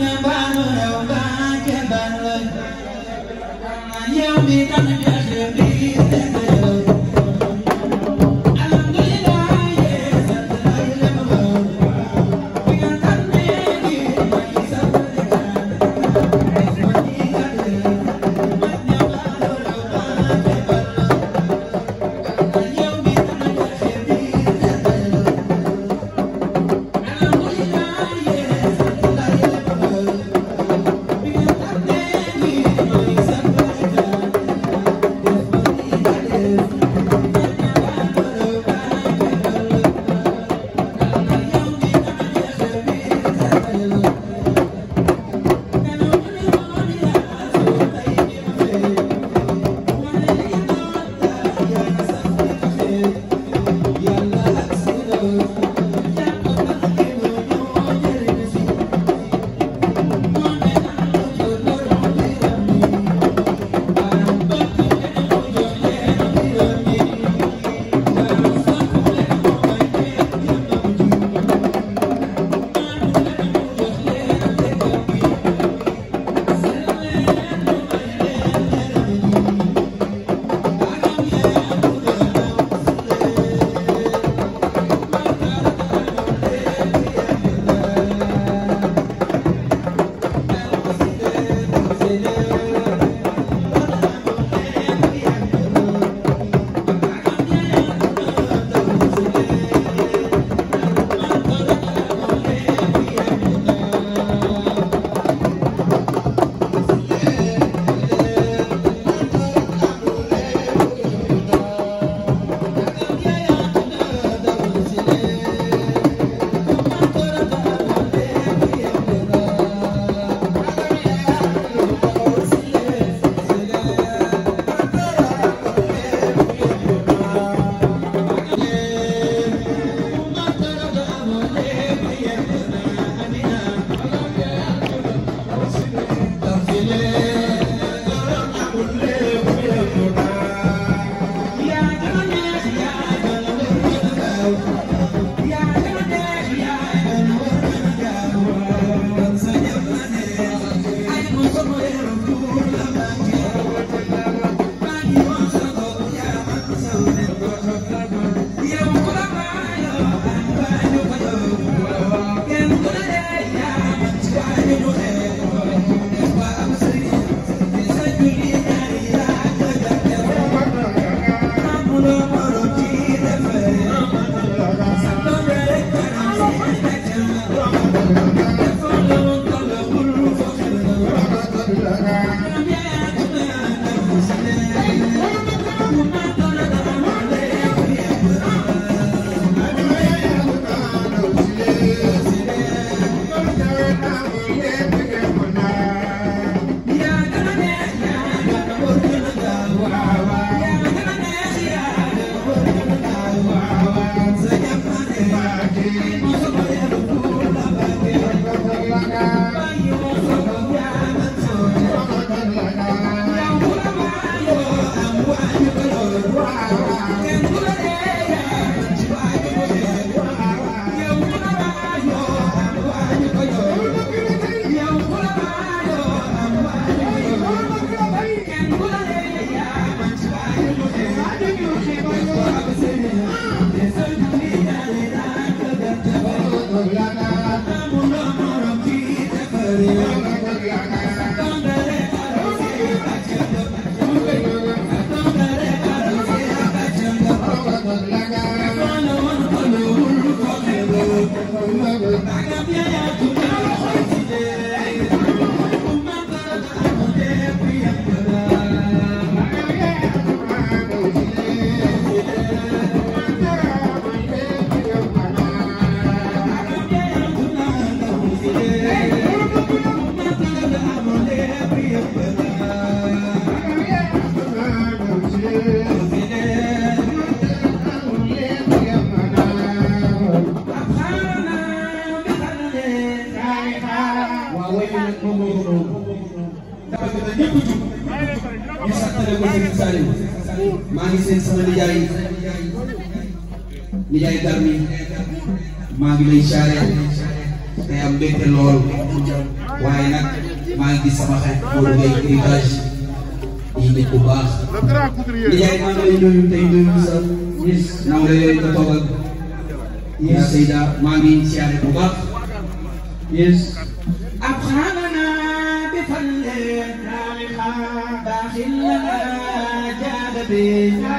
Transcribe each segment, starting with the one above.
Nhà ba nơi đầu ba trên bàn lời Nhà bị tăng lool waaye nag maa ngi gis sama xarit Modou Gueye héritage di nit bu baax. Ndiaye maa ngi lay nuyu tey nuyu sa ñis maa ngi lay toog ak ñis Seyda maa ngi siyaare bu baax ñis. أبخرنا بفلك داخلنا جاد بنا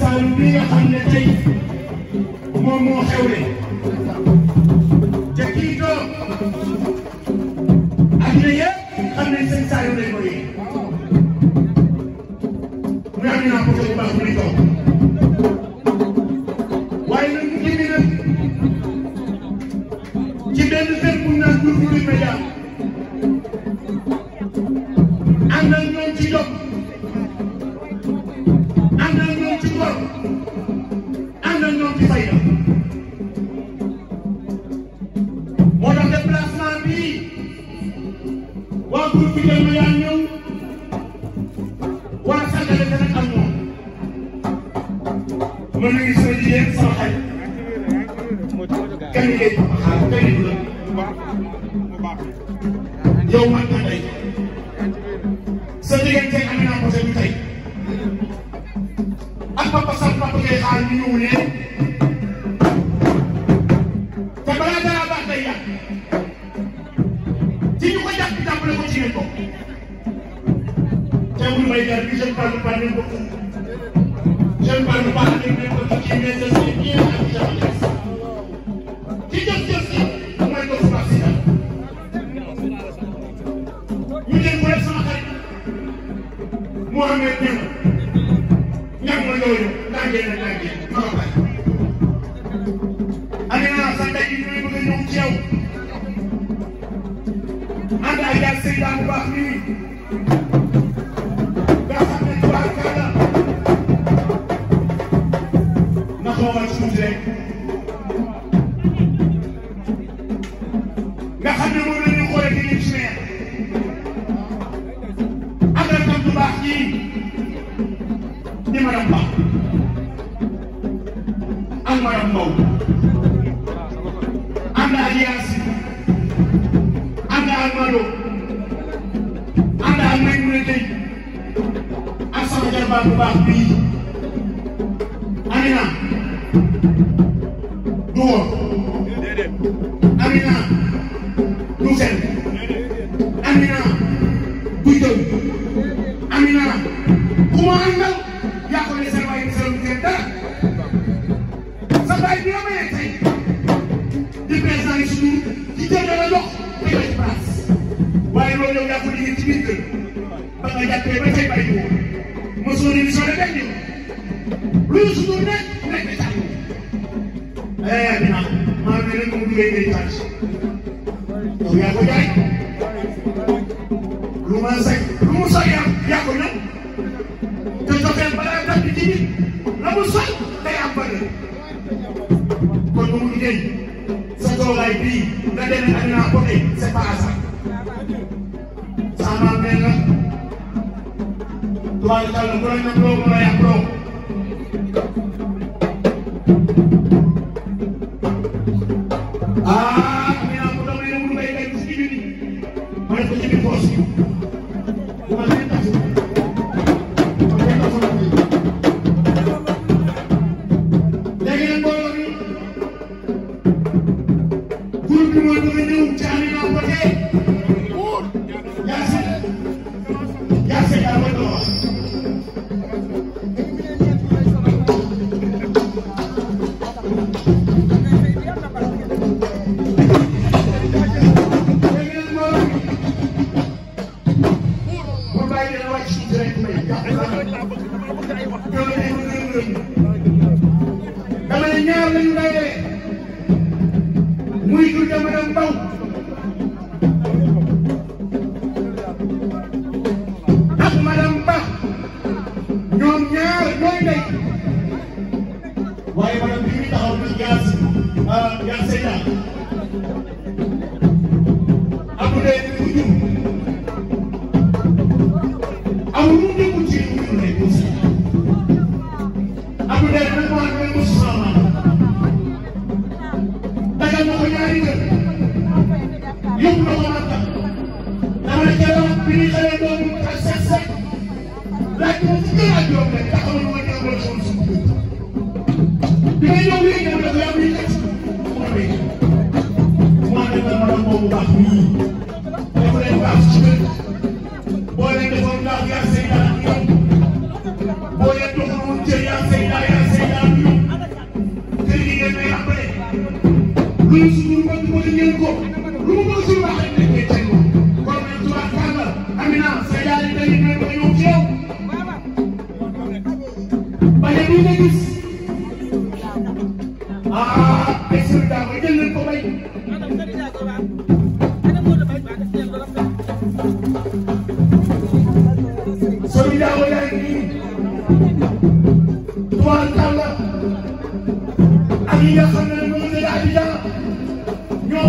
Saalum bi nga xam ne tey moom moo xewle te balaa dara baax day yàq ci ñu ko jàpp jàppale ko ci ko te wul may jar bi je ne parle pas de beaucoup je ne parle pas de n'importe qui mais je suis bien ak jafe-jafe ci jëf-jëf si mooy dox baax si dara ñu dem bu def sama xarit Mouhamed Niang ñàkk ma loolu tàngee na tàngee ci yow ànd ak yàgg sëñ bu baax nii nga xam ne tubaab kàlla na xoolal suuf rek. may tëj ak sama jarbaat bu baax bii Amina du woon Amina Ah!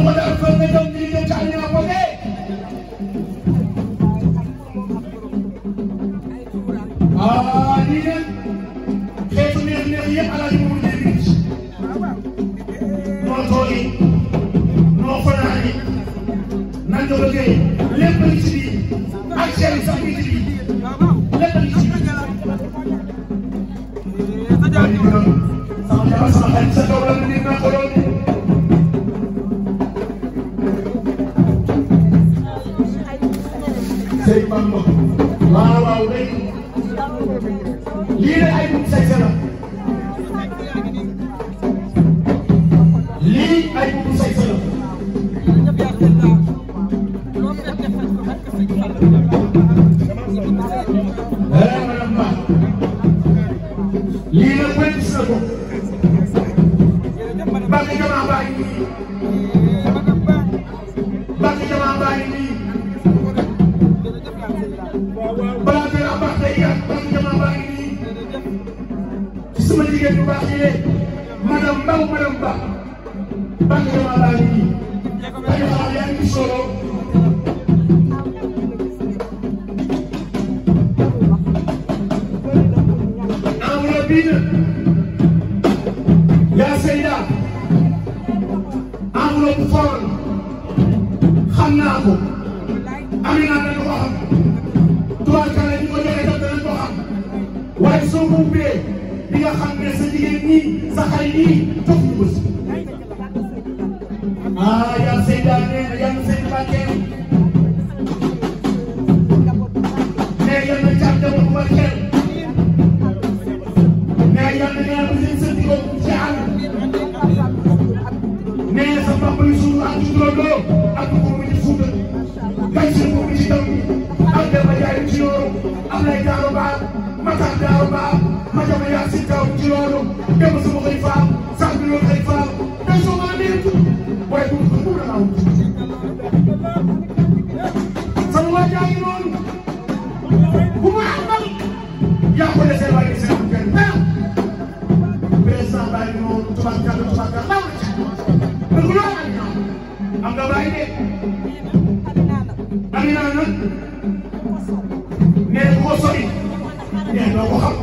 ko def jigéen bu baax yee madame Mbaw madame Ba kaw ci loolu dem sama xëy faam sax bi loolu xëy faam te soo maa nekk waaye bu mu la aw sama waa jaa ngi noonu bu ma àndal yaa ko desee waaye gis naa kenn dara président baa ngi noonu tubaab tubaab laaw na ci dëgg loo am nga bàyyi de am naa nag nee ko sori nee doo ko xam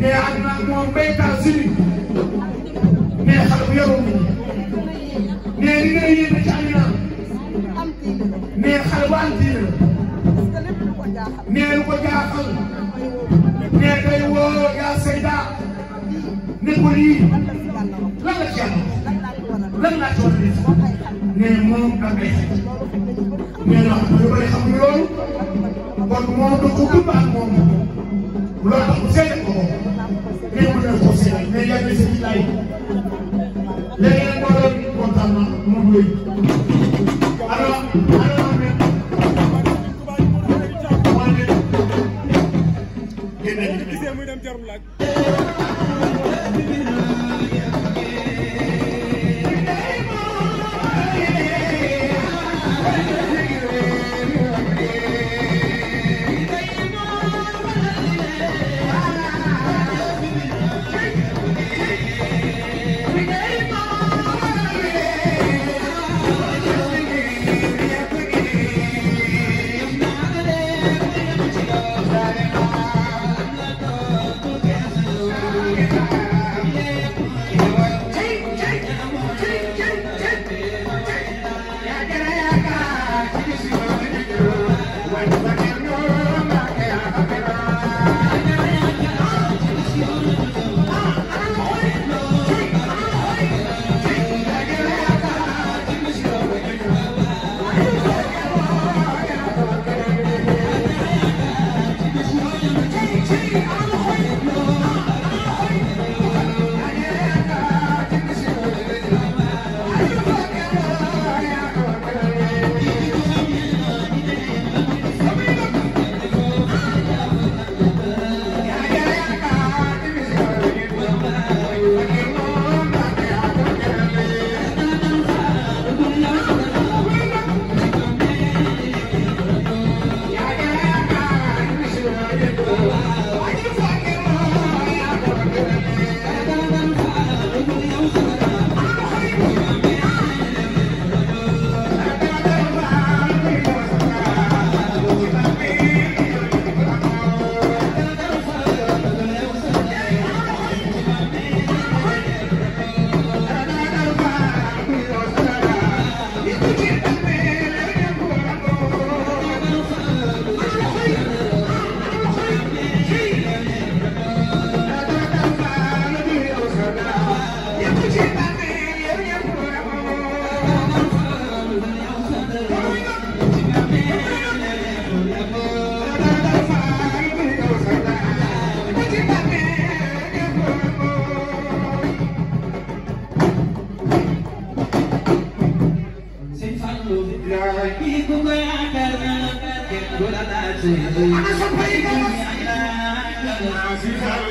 ne ànd moom béykat si ne xale bu yaru ne li nga yéene ci Amina ne xale bu antiir ne lu ko jaaxal ne day woo yaa sayda ne ko lii lan la ci am moom ak ay ne la ñu bëri xam loolu kon moom da ko dund moom loolu tax mu seede néew na suuf si mais yàgg si ci laay léeg-léeg moo doon kontaan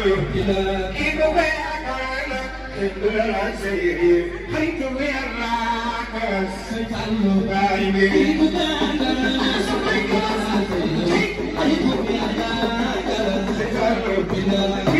كيف بيعنا كل العسير حيث بيعنا سجل دائمي كيف بيعنا سجل دائمي حيث بيعنا سجل دائمي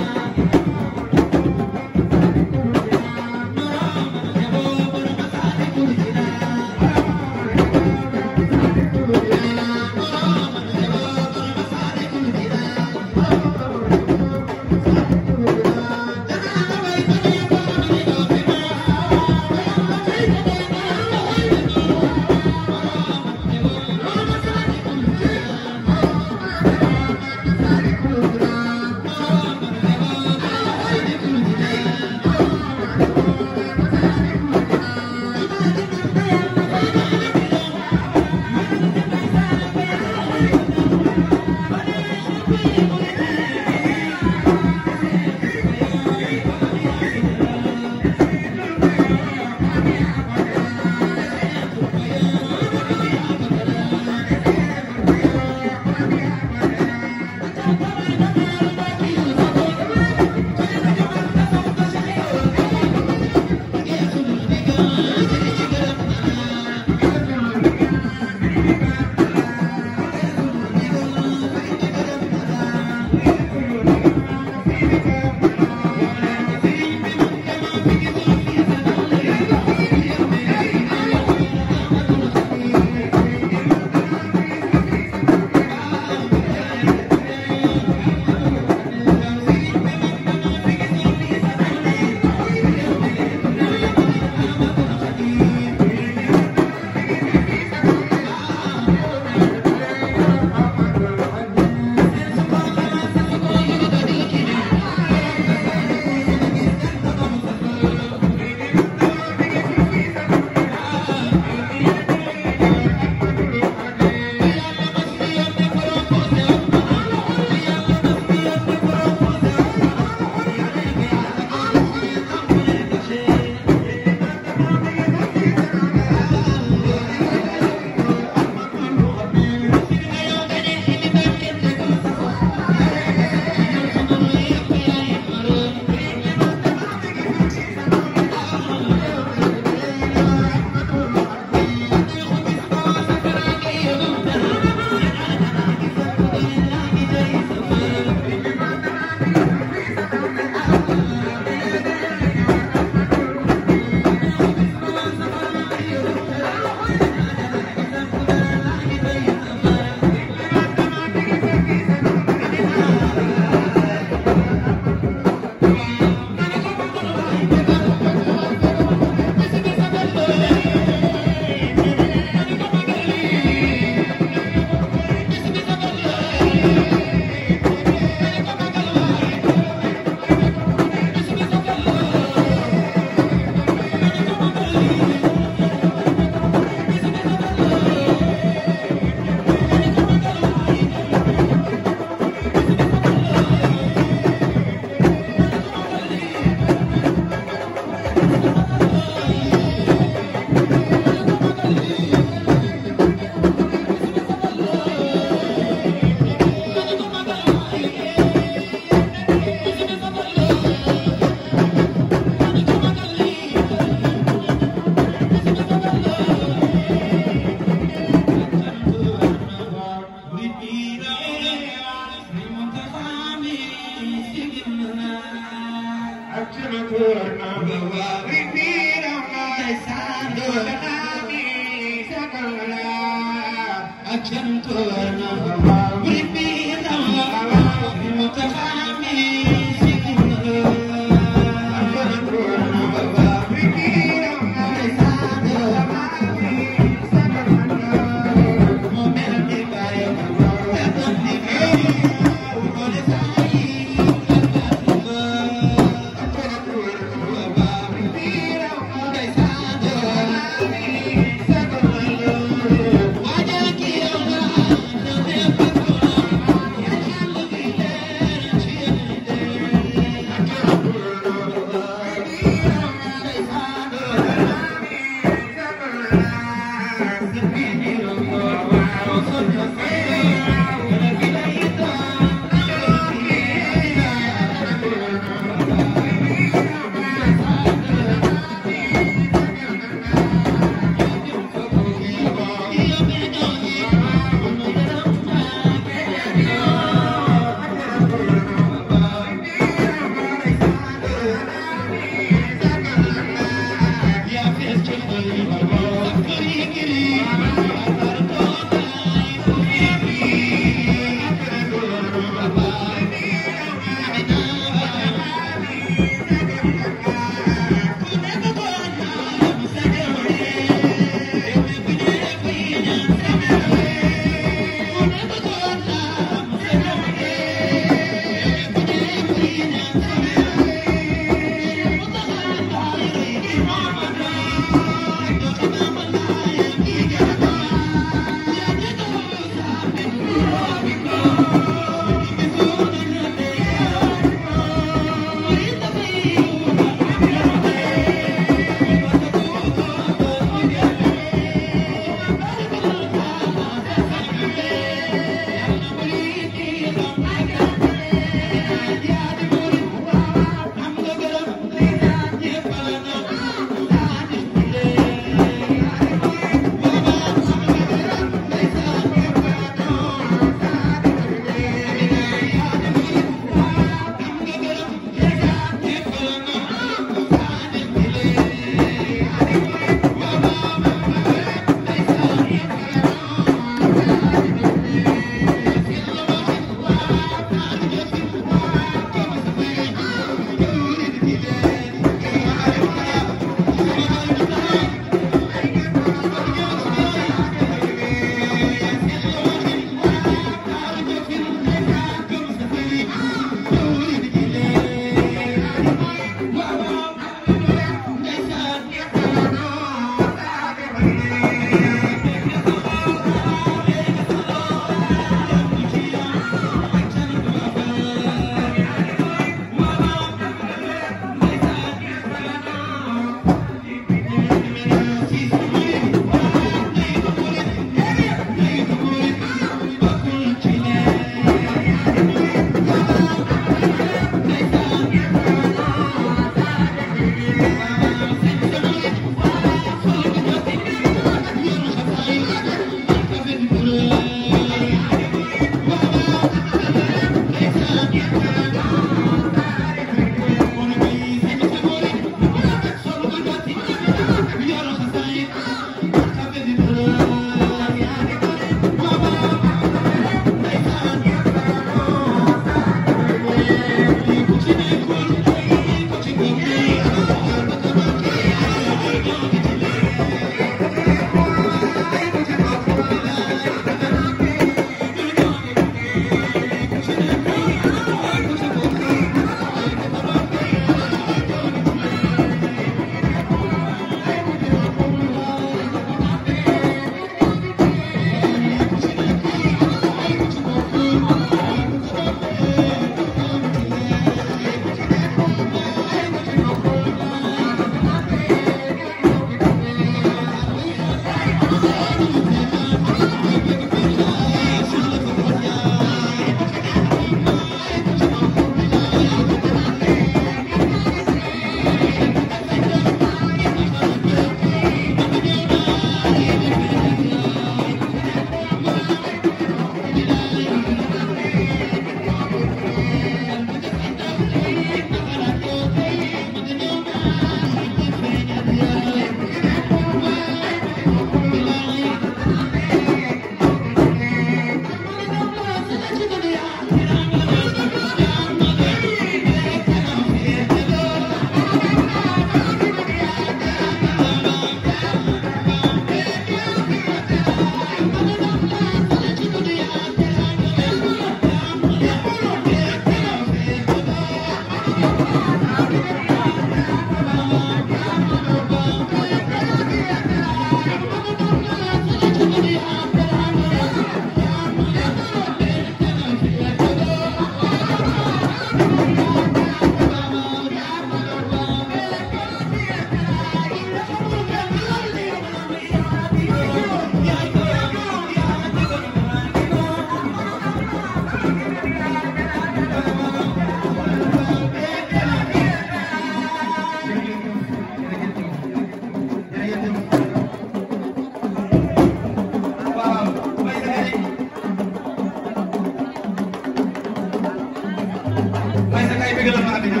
may sa kay bëgg la fa àddina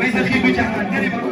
may sa xiitu caaxaan